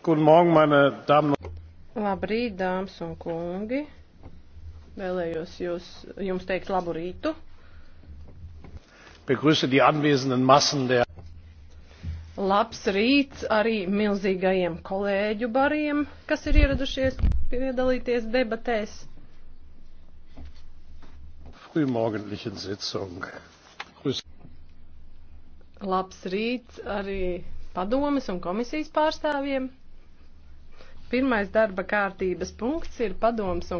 Guten Morgen, meine Damen und Labrīt, dāmas un kungi. Vēlējos jūs, jums teikt labu rītu. Begrüße die anwesenden Massen der. Labs rīts arī milzīgajiem kolēģu bariem, kas ir ieradušies piedalīties debatēs. Frühmorgendlichen Sitzung. Grüße. Labs rīts arī padomes un komisijas pārstāvjiem. Pirmais darba kārtības punkts ir padoms un